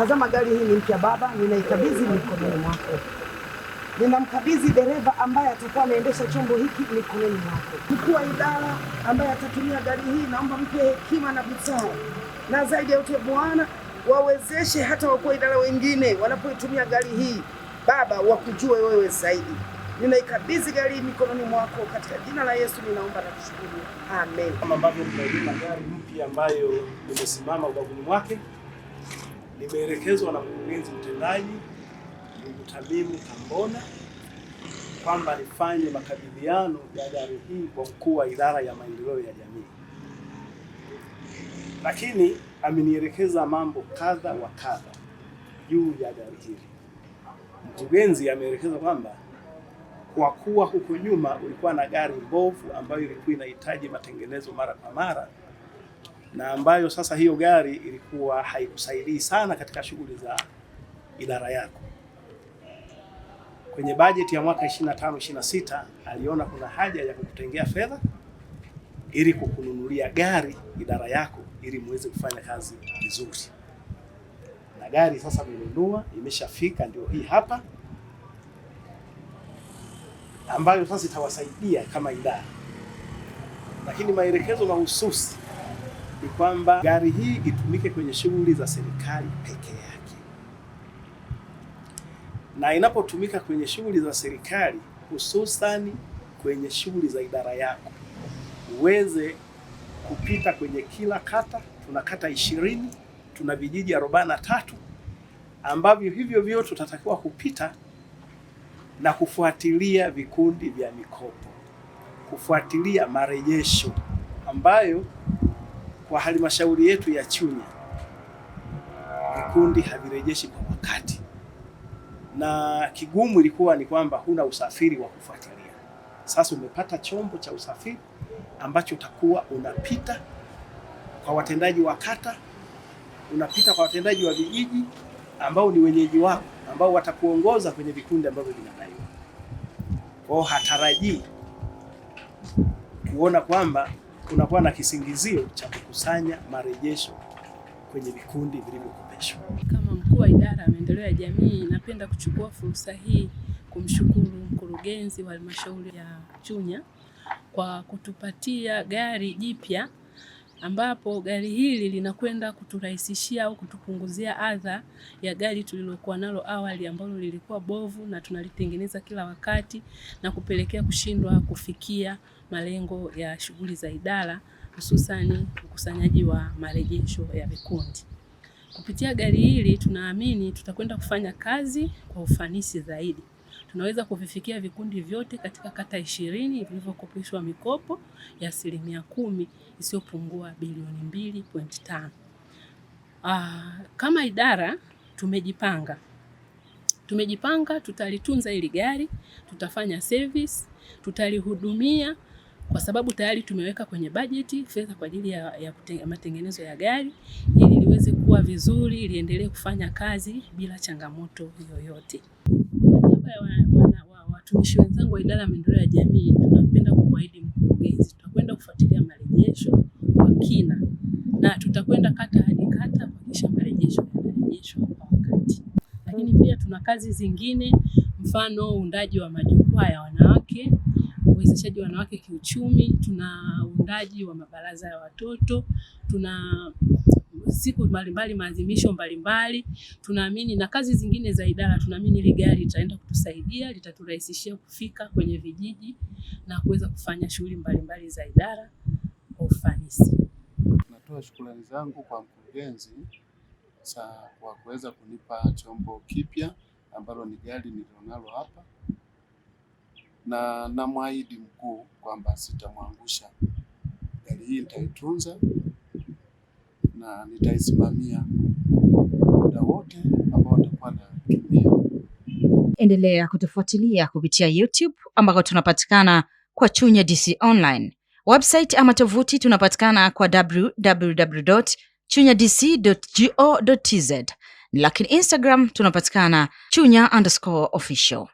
Tazama, gari hii ni mpya baba, ninaikabidhi mikononi mwako. Ninamkabidhi dereva ambaye atakuwa anaendesha chombo hiki mikononi mwako. Mkuu wa idara ambaye atatumia gari hii, naomba mpe hekima na busara, na zaidi ya yote Bwana wawezeshe hata wakuu wa idara wengine wanapoitumia gari hii Baba, wakujue wewe zaidi. Ninaikabidhi gari hii mikononi mwako, katika jina la Yesu ninaomba na kushukuru, amen. Kama ambavyo mmeona gari mpya ambayo imesimama ubavuni mwake nimeelekezwa na mkurugenzi mtendaji ndugu Tamimu Kambona kwamba nifanye makabidhiano ya gari hii kwa mkuu wa idara ya maendeleo ya jamii, lakini amenielekeza mambo kadha wa kadha juu ya gari hili. Mkurugenzi ameelekeza kwamba kwa kuwa huko nyuma ulikuwa na gari mbovu ambayo ilikuwa inahitaji matengenezo mara kwa mara na ambayo sasa hiyo gari ilikuwa haikusaidii sana katika shughuli za idara yako. Kwenye bajeti ya mwaka 25 26 aliona kuna haja ya kukutengea fedha ili kukununulia gari idara yako ili muweze kufanya kazi vizuri. Na gari sasa mmenunua, imeshafika, ndio hii hapa, ambayo sasa itawasaidia kama idara, lakini maelekezo mahususi kwamba gari hii itumike kwenye shughuli za serikali peke yake, na inapotumika kwenye shughuli za serikali, hususani kwenye shughuli za idara yako, uweze kupita kwenye kila kata. Tuna kata ishirini, tuna vijiji arobaini na tatu ambavyo hivyo vyote tutatakiwa kupita na kufuatilia vikundi vya mikopo, kufuatilia marejesho ambayo kwa halmashauri yetu ya Chunya vikundi havirejeshi kwa wakati, na kigumu ilikuwa ni kwamba huna usafiri wa kufuatilia. Sasa umepata chombo cha usafiri ambacho utakuwa unapita kwa watendaji wa kata, unapita kwa watendaji wa vijiji ambao ni wenyeji wako, ambao watakuongoza kwenye vikundi ambavyo vinadaiwa. Kwao hatarajii kuona kwamba unakuwa na kisingizio cha kukusanya marejesho kwenye vikundi vilivyokopeshwa. Kama mkuu wa idara ya maendeleo ya jamii, napenda kuchukua fursa hii kumshukuru mkurugenzi wa halmashauri ya Chunya kwa kutupatia gari jipya ambapo gari hili linakwenda kuturahisishia au kutupunguzia adha ya gari tulilokuwa nalo awali ambalo lilikuwa bovu na tunalitengeneza kila wakati na kupelekea kushindwa kufikia malengo ya shughuli za idara hususani ukusanyaji wa marejesho ya vikundi. Kupitia gari hili tunaamini tutakwenda kufanya kazi kwa ufanisi zaidi tunaweza kuvifikia vikundi vyote katika kata ishirini vilivyokopeshwa mikopo ya asilimia kumi isiyopungua bilioni mbili pointi tano. Ah, kama idara tumejipanga tumejipanga tutalitunza hili gari, tutafanya service, tutalihudumia kwa sababu tayari tumeweka kwenye bajeti fedha kwa ajili ya, ya matengenezo ya gari ili liweze kuwa vizuri, liendelee kufanya kazi bila changamoto yoyote. Watumishi wenzangu wa idara ya maendeleo ya jamii, tunapenda kumwahidi mkurugenzi, tutakwenda kufuatilia marejesho kwa kina na tutakwenda kata hadi kata kuhakikisha marejesho yanarejeshwa kwa wakati. Lakini pia tuna kazi zingine, mfano uundaji wa majukwaa ya wanawake, uwezeshaji wa wanawake kiuchumi, tuna uundaji wa mabaraza ya watoto, tuna siku mbalimbali, maadhimisho mbalimbali. Tunaamini na kazi zingine za idara, tunaamini ile gari litaenda kutusaidia, litaturahisishia kufika kwenye vijiji na kuweza kufanya shughuli mbalimbali za idara kwa ufanisi. Natoa shukrani zangu kwa mkurugenzi sa kwa kuweza kunipa chombo kipya ambalo ni gari nilionalo hapa, na namwahidi mkuu kwamba sitamwangusha. Gari hii nitaitunza na nitaisimamia muda wote ambao nitakuwa natumia. Endelea kutufuatilia kupitia YouTube ambako tunapatikana kwa Chunya DC Online. Website ama tovuti tunapatikana kwa www chunya dc go tz, lakini Instagram tunapatikana chunya underscore official.